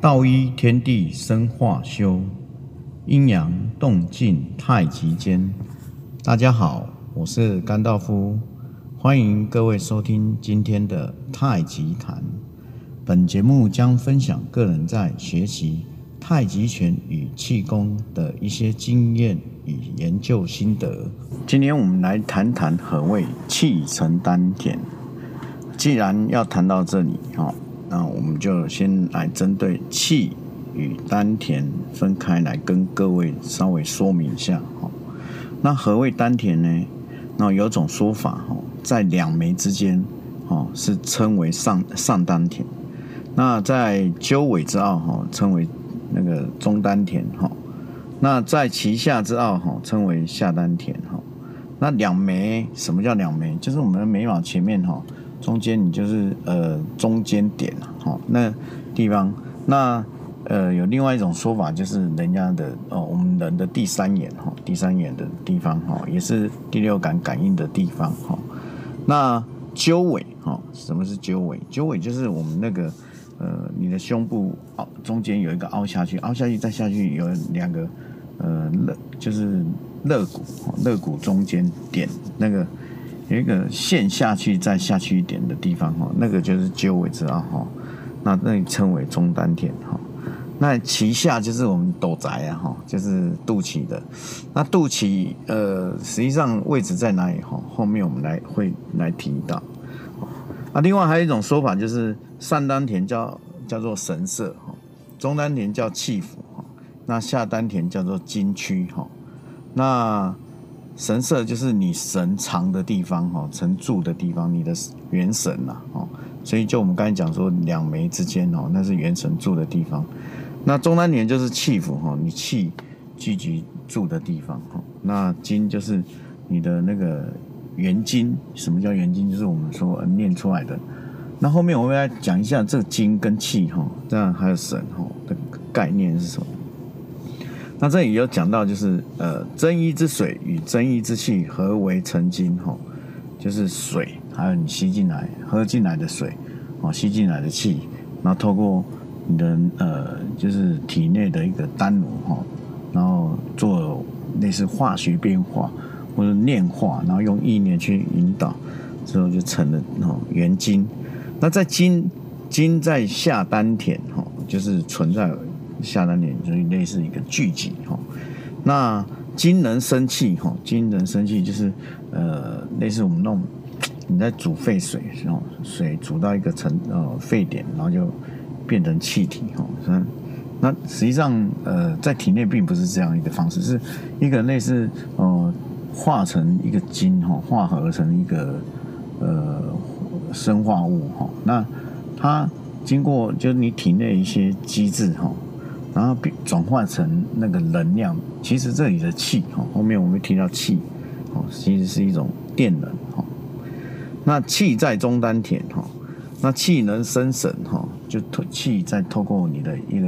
道一天地生化修，陰陽動靜太極間。大家好，我是甘道夫，歡迎各位收聽今天的太極談。本節目將分享個人在學習太極拳與氣功的一些經驗與研究心得。今天我們來談談何謂氣沉丹田。既然要談到這裡，哦那我們就先來針對氣與丹田分開來跟各位稍微說明一下哈。那何謂丹田呢？那有種說法哈，在兩眉之間哈是稱為上上丹田，那在鳩尾之奧哈稱為那個中丹田哈，那在臍下之奧哈稱為下丹田哈。那兩眉什麼叫兩眉？就是我們的眉毛前面哈。中間你就是呃中間點啊、哦，那地方，那呃有另外一種說法就是人家的哦我們人的第三眼哈、哦、第三眼的地方哈、哦、也是第六感感應的地方哈、哦、那鳩尾哈、哦、什麼是鳩尾？鳩尾就是我們那個呃你的胸部、哦、中間有一個凹下去，凹下去再下去有兩個呃肋就是肋骨、哦、肋骨中間點那個。有一個陷下去再下去一點的地方哈，那個就是鳩尾知道哈，那那裡稱為中丹田哈，那臍下就是我們肚臍啊哈，就是肚臍的，那肚臍呃實際上位置在哪裡哈？後面我們來會來提到。那另外還有一種說法就是上丹田叫叫做神舍哈，中丹田叫氣府哈，那下丹田叫做精區哈，那。神色，就是你神藏的地方哈，神住的地方，你的元神吶，哦，所以就我們剛才講說，兩眉之間哦，那是元神住的地方，那中丹田就是氣府哈，你氣聚集住的地方哈，那精就是你的那個元精，什麼叫元精？就是我們說念出來的。那後面我們要講一下這個精跟氣哈，這樣還有神哈的概念是什麼？那這裡有講到，就是呃，真一之水與真一之氣合為成精，吼、哦，就是水，還有你吸進來、喝進來的水，哦，吸進來的氣，然後透過你的呃，就是體內的一個丹爐，吼、哦，然後做類似化學變化或者煉化，然後用意念去引導，最後就成了那、哦、元精。那在精，精在下丹田，吼、哦，就是存在。下丹田，所以類似一個聚集哈。那精能生氣哈，精能生氣就是呃，類似我們那種你在煮沸水，然後水煮到一個成呃沸點，然後就變成氣體哈、哦。那實際上呃，在體內並不是這樣一個方式，是一個類似呃化成一個精哈，化合成一個呃生化物哈、哦。那它經過就是你體內一些機制哈。哦然後轉化成那個能量，其實這裡的氣，哦，後面我們提到氣，哦，其實是一種電能，哦。那氣在中丹田，哈，那氣能生神，哈，就氣再透過你的一個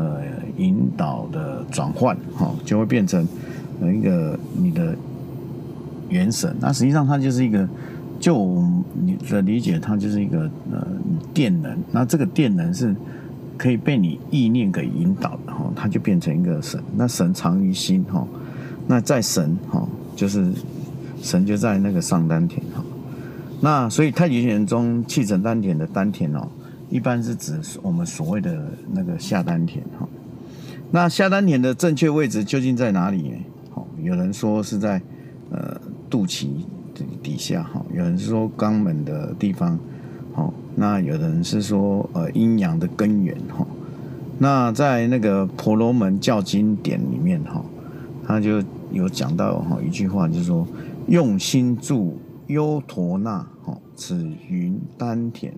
呃引導的轉換，哈，就會變成一個你的元神。那實際上它就是一個，就你的理解，它就是一個呃電能。那這個電能是。可以被你意念給引導的，哈、哦，它就變成一個神。那神藏於心，哈、哦，那在神，哈、哦，就是神就在那個上丹田，哈、哦。那所以太極拳中氣沉丹田的丹田，哦，一般是指我們所謂的那個下丹田，哈、哦。那下丹田的正確位置究竟在哪裡呢？哦，有人說是在呃肚臍底底下，哈、哦，有人說肛門的地方，哦。那有的人是說，呃，陰陽的根源哈、哦。那在那個婆羅門教經典裡面哈、哦，他就有講到哈、哦、一句話，就是說，用心住優陀那，哈、哦，此云丹田，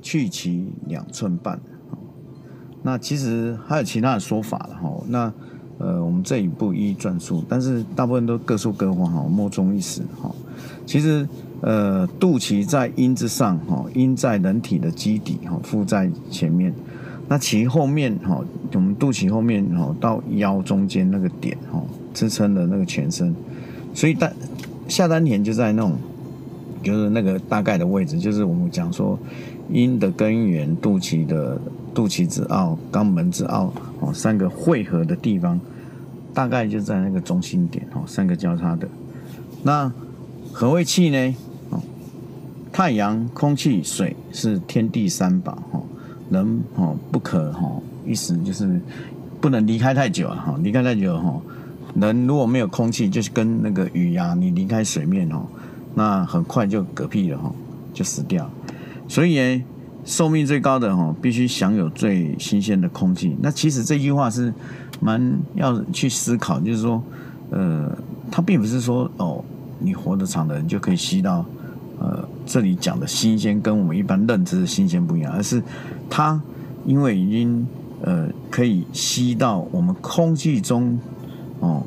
去其兩寸半、哦。那其實還有其他的說法的哈、哦。那呃，我們這裡不一一轉述，但是大部分都各說各話哈、哦，莫衷一是哈、哦。其實。呃，肚臍在陰之上，哈、哦，陰在人體的基底，哈、哦，附在前面，那其後面，哈、哦，我們肚臍後面，哈、哦，到腰中間那個點，哈、哦，支撐的那個全身，所以丹下丹田就在那種，就是那個大概的位置，就是我們講說陰的根源，肚臍的肚臍之奧，肛門之奧，哦，三個匯合的地方，大概就在那個中心點，哦，三個交叉的，那何謂氣呢？太陽、空氣、水是天地三寶哈，人不可哈，意思就是不能離開太久哈，離開太久哈，人如果沒有空氣，就是跟那個魚呀、啊，你離開水面，那很快就嗝屁了哈，就死掉。所以壽命最高的哈，必須享有最新鮮的空氣。那其實這句話是蠻要去思考，就是說，呃，它並不是說哦，你活得長的人就可以吸到。呃，這裡講的新鮮跟我們一般認知的新鮮不一樣，而是它因為已經呃可以吸到我們空氣中，哦、呃，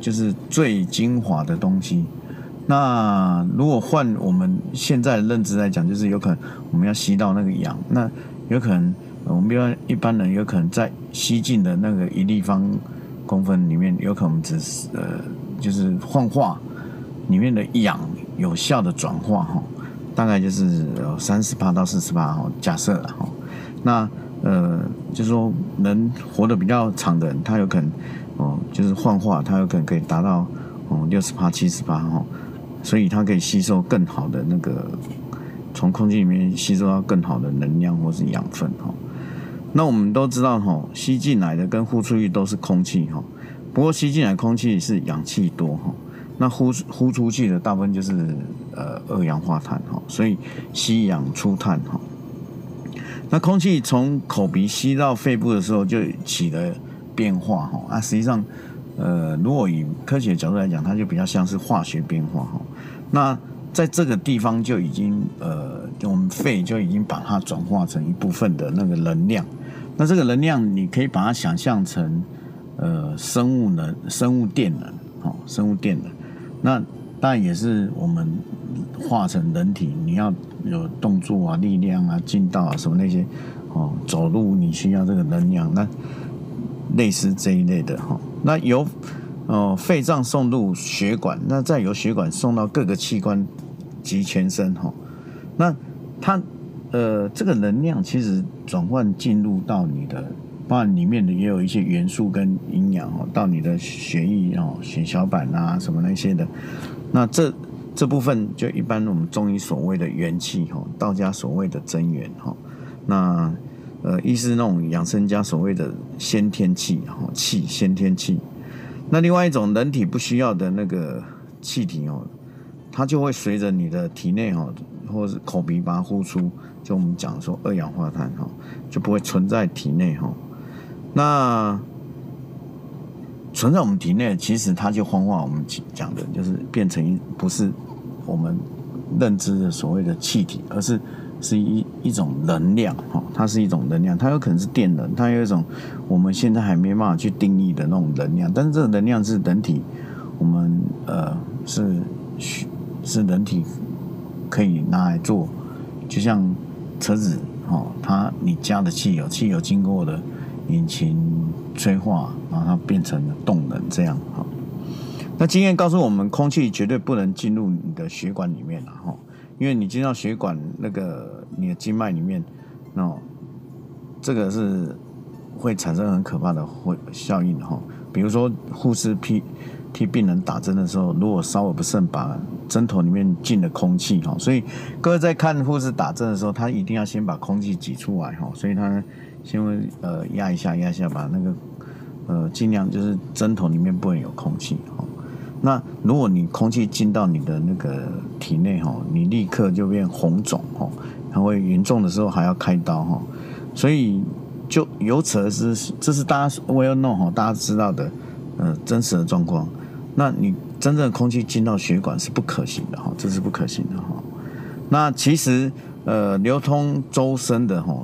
就是最精華的東西。那如果換我們現在認知來講，就是有可能我們要吸到那個氧，那有可能、呃、我們比如一般人有可能在吸進的那個一立方公分裡面，有可能我們只是呃就是幻化裡面的氧。有效的轉化哈，大概就是三十八到四十八哈，假設了哈。那呃，就是說，人活得比較長的人，他有可能哦，就是幻化，他有可能可以達到哦六十八、七十八哈。所以，它可以吸收更好的那個，從空氣裡面吸收到更好的能量或是養分哈。那我們都知道哈，吸進來的跟呼出去都是空氣哈，不過吸進來的空氣是氧氣多哈。那呼、呼出去的大部分就是呃二氧化碳哈、哦，所以吸氧出碳哈、哦。那空氣從口鼻吸到肺部的時候就起了變化哈，那、哦啊、實際上呃，如果以科學的角度來講，它就比較像是化學變化哈、哦。那在這個地方就已經呃，我們肺就已經把它轉化成一部分的那個能量，那這個能量你可以把它想象成呃生物能、生物電能，好、哦，生物電能。那當然也是我們化成人體，你要有動作啊、力量啊、勁道啊什麼那些，哦，走路你需要這個能量，那類似這一類的哈、哦。那由哦肺臟送入血管，那再由血管送到各個器官及全身哈、哦。那它呃這個能量其實轉換進入到你的。包含裡面的也有一些元素跟營養哦，到你的血液哦、血小板啊、什麼那些的。那這這部分就一般我們中醫所謂的元氣哈，道家所謂的真元哈。那呃，一是那種養生家所謂的先天氣氣、先天氣。那另外一種人體不需要的那個氣體哦，它就會隨着你的體內哈，或是口鼻把它呼出，就我們講說二氧化碳哈，就不會存在體內哈。那存在我們體內，其實它就幻化。我們講的就是變成不是我們認知的所謂的氣體，而是是一一種能量。哈、哦，它是一種能量，它有可能是電能，它有一種我們現在還沒辦法去定義的那種能量。但是這個能量是人體，我們呃是是人體可以拿來做，就像車子哈、哦，它你加的汽油，汽油經過的。引擎催化，把它變成動能，這樣哈、哦。那經驗告訴我們，空氣絕對不能進入你的血管裡面哈、哦，因為你進到血管那個你的經脈裡面，那、哦、這個是會產生很可怕的會效應哈、哦。比如說護士替替病人打針的時候，如果稍微不慎把針頭裡面進了空氣哈、哦，所以各位在看護士打針的時候，他一定要先把空氣擠出來哈、哦，所以他。先呃壓一下，壓一下吧，把那個呃盡量就是針筒裡面不能有空氣哈、哦。那如果你空氣進到你的那個體內哈、哦，你立刻就變紅腫哦，它會嚴重的時候還要開刀哈、哦。所以就由此而知，這是大家 well known 哈，大家知道的呃真實的狀況。那你真正的空氣進到血管是不可行的哈、哦，這是不可行的哈。哦嗯、那其實呃流通周身的哈。哦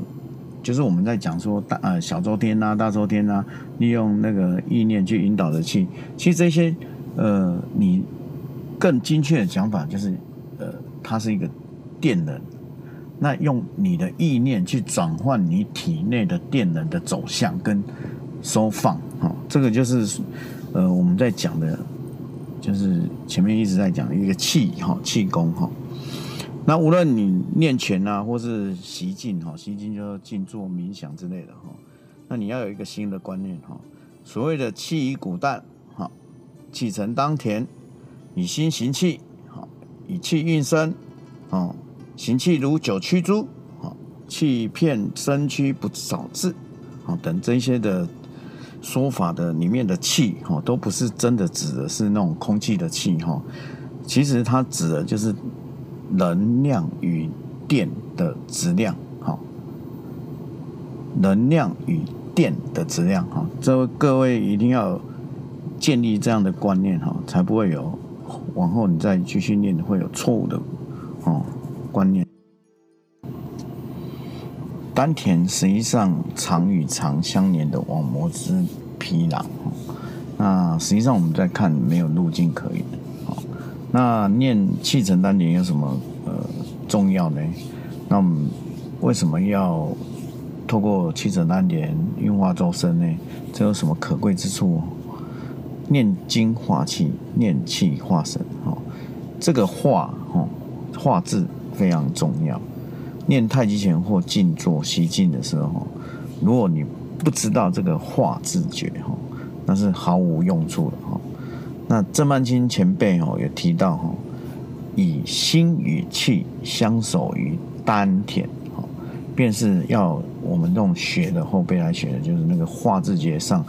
就是我們在講說大呃小周天啊，大周天啊，利用那個意念去引導的氣,其實這些呃你更精確的講法就是呃它是一個電能，那用你的意念去轉換你體內的電能的走向跟收放哈，這個就是呃我們在講的，就是前面一直在講一個氣哈，氣功哈。哦那無論你練拳啊，或是習靜哈，習靜就是靜坐冥想之類的哈。那你要有一個新的觀念哈，所謂的氣宜鼓盪哈，氣沉丹田，以心行氣哈，以氣運身，行氣如九曲珠啊，氣遍身軀不少滯啊，等這些的說法的裡面的氣哈，都不是真的指的是那種空氣的氣哈，其實它指的就是。能量與電的質量，好，能量與電的質量，哈，這位各位一定要建立這樣的觀念，哈，才不會有往後你再去訓練會有錯誤的，哦，觀念。丹田實際上腸與腸相連的網膜之皮囊，那實際上我們在看沒有路徑可言。那念氣沉丹田有什麼呃重要呢？那我們為什麼要透過氣沉丹田運化周身呢？這有什麼可貴之處？念精化氣，念氣化神哦。這個化哦，化字非常重要。念太極拳或靜坐習靜的時候，哦，如果你不知道這個化字訣哦，那是毫無用處的哈。哦那鄭曼青前輩哦，有提到以心與氣相守於丹田，便是要我們這種學的後輩來學的，就是那個化字訣上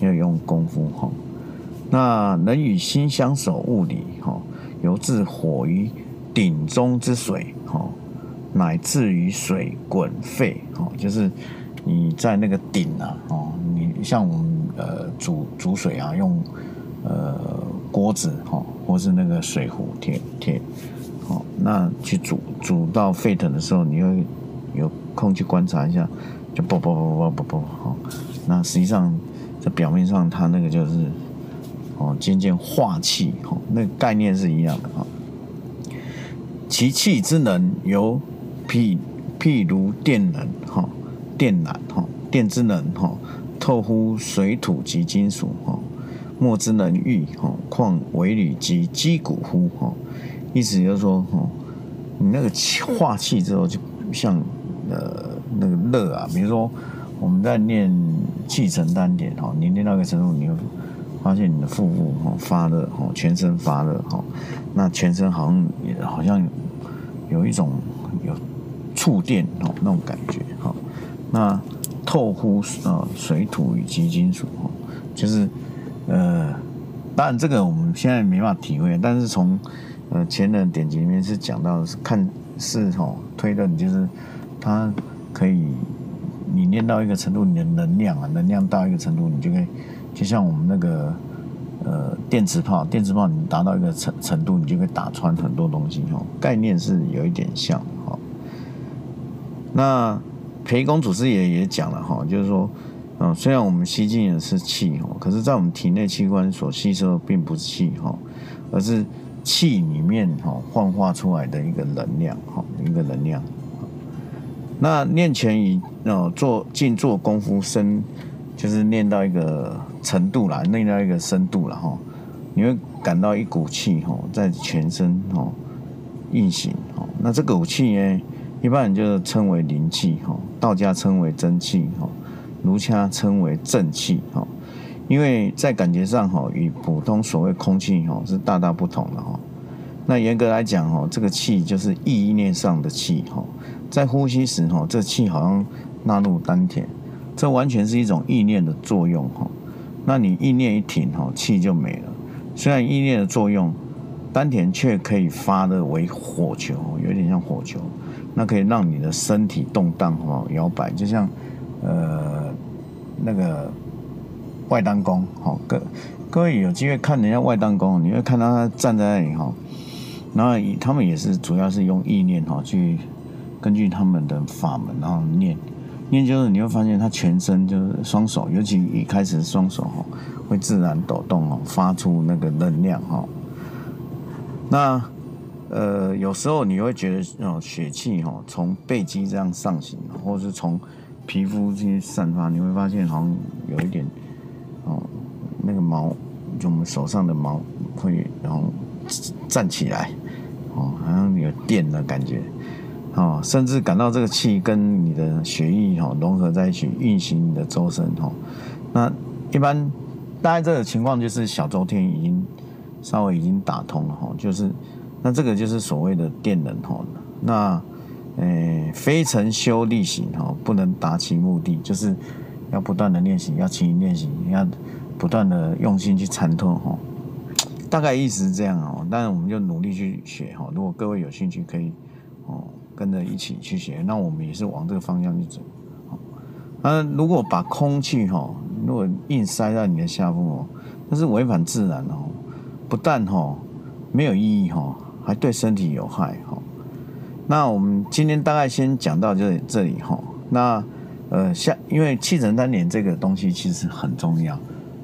要用功夫。那能與心相守，物理由自火於鼎中之水乃至於水滾沸。就是你在那個鼎啊，哦，你像我們呃煮煮水啊，用呃。鍋子哈、哦，或是那個水壺鐵鐵，哦，那去煮煮到沸騰的時候，你會有空去觀察一下，就啵啵啵啵啵啵，哈、哦。那實際上在表面上，它那個就是哦，漸漸化氣哈、哦，那個、概念是一樣的哈、哦。其氣之能由，由譬譬如電能哈、哦，電纜哈、哦，電之能哈、哦，透乎水土及金屬哈。哦莫之能御，哦，況委履及擊骨乎？哦，意思就是說，哦，你那個化氣之後，就像呃那個熱啊，比如說我們在練氣沉丹點，哦，你練到個程度，你會發現你的腹部哦發熱，哦，全身發熱，哦，那全身好像也好像有一種有觸電哦那種感覺，哦，那透乎啊水土以及金屬，哦，就是。呃，當然這個我們現在沒辦法體會，但是從呃前人典籍裡面是講到是看，看是吼、哦、推論就是，他可以你練到一個程度，你的能量啊，能量到一個程度，你就可以，就像我們那個呃電磁炮，電磁炮你達到一個程程度，你就可以打穿很多東西哦，概念是有一點像，好、哦，那培公祖師也也講了哈、哦，就是說。嗯、哦，雖然我們吸進的是氣哈，可是，在我們體內器官所吸收的並不是氣哈、哦，而是氣裡面哈幻、哦、化出來的一個能量哈、哦，一個能量。那練拳與哦做靜坐功夫深，就是練到一個程度啦，練到一個深度了哈、哦，你會感到一股氣哈、哦、在全身哈、哦、運行哈、哦。那這股氣呢，一般人就稱為靈氣哈，道家稱為真氣哈。哦儒家稱為正氣，因為在感覺上，吼，與普通所謂空氣，是大大不同的，那嚴格來講，吼，這個氣就是意念上的氣，在呼吸時，吼，這氣、個、好像納入丹田，這完全是一種意念的作用，那你意念一停，吼，氣就沒了。雖然意念的作用，丹田卻可以發的為火球，有點像火球，那可以讓你的身體動盪，吼，搖擺，就像，呃。那個外丹功好，各，各位有機會看人家外丹功，你會看到他站在那裡哈，然後他們也是主要是用意念哈，去根據他們的法門，然後念，念就是你會發現他全身就是雙手，尤其一開始雙手會自然抖動發出那個能量哈。那呃有時候你會覺得哦，血氣從背脊這樣上行，或是從。皮膚這些散發，你會發現好像有一點哦，那個毛，就我們手上的毛會然後站起來哦，好像有電的感覺哦，甚至感到這個氣跟你的血液哦融合，在一起運行你的周身哦。那一般大概這個情況就是小周天已經稍微已經打通了哦，就是那這個就是所謂的電能哦。那呃，非常修力行哦，不能達其目的，就是要不斷的練習，要勤於練習，要不斷的用心去參透哈。大概意思是這樣哦，當然我們就努力去學哈。如果各位有興趣，可以哦跟着一起去學，那我們也是往這個方向去走。哦、啊，如果把空氣哈、哦，如果硬塞在你的下腹哦，那是違反自然哦，不但哈、哦、沒有意義哈、哦，還對身體有害哈。哦那我們今天大概先講到這這裡哈。那呃，下因為氣沉丹田這個東西其實很重要，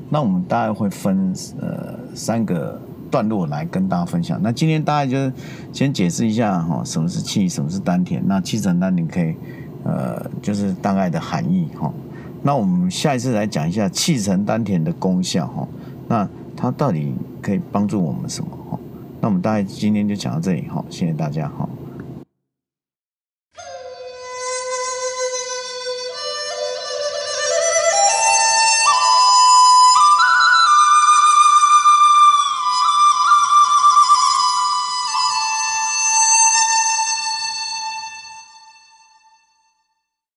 那我們大概會分呃三個段落來跟大家分享。那今天大概就是先解釋一下哈，什麼是氣，什麼是丹田。那氣沉丹田可以呃，就是大概的含義哈。那我們下一次來講一下氣沉丹田的功效哈。那它到底可以幫助我們什麼哈？那我們大概今天就講到這裡哈，謝謝大家哈。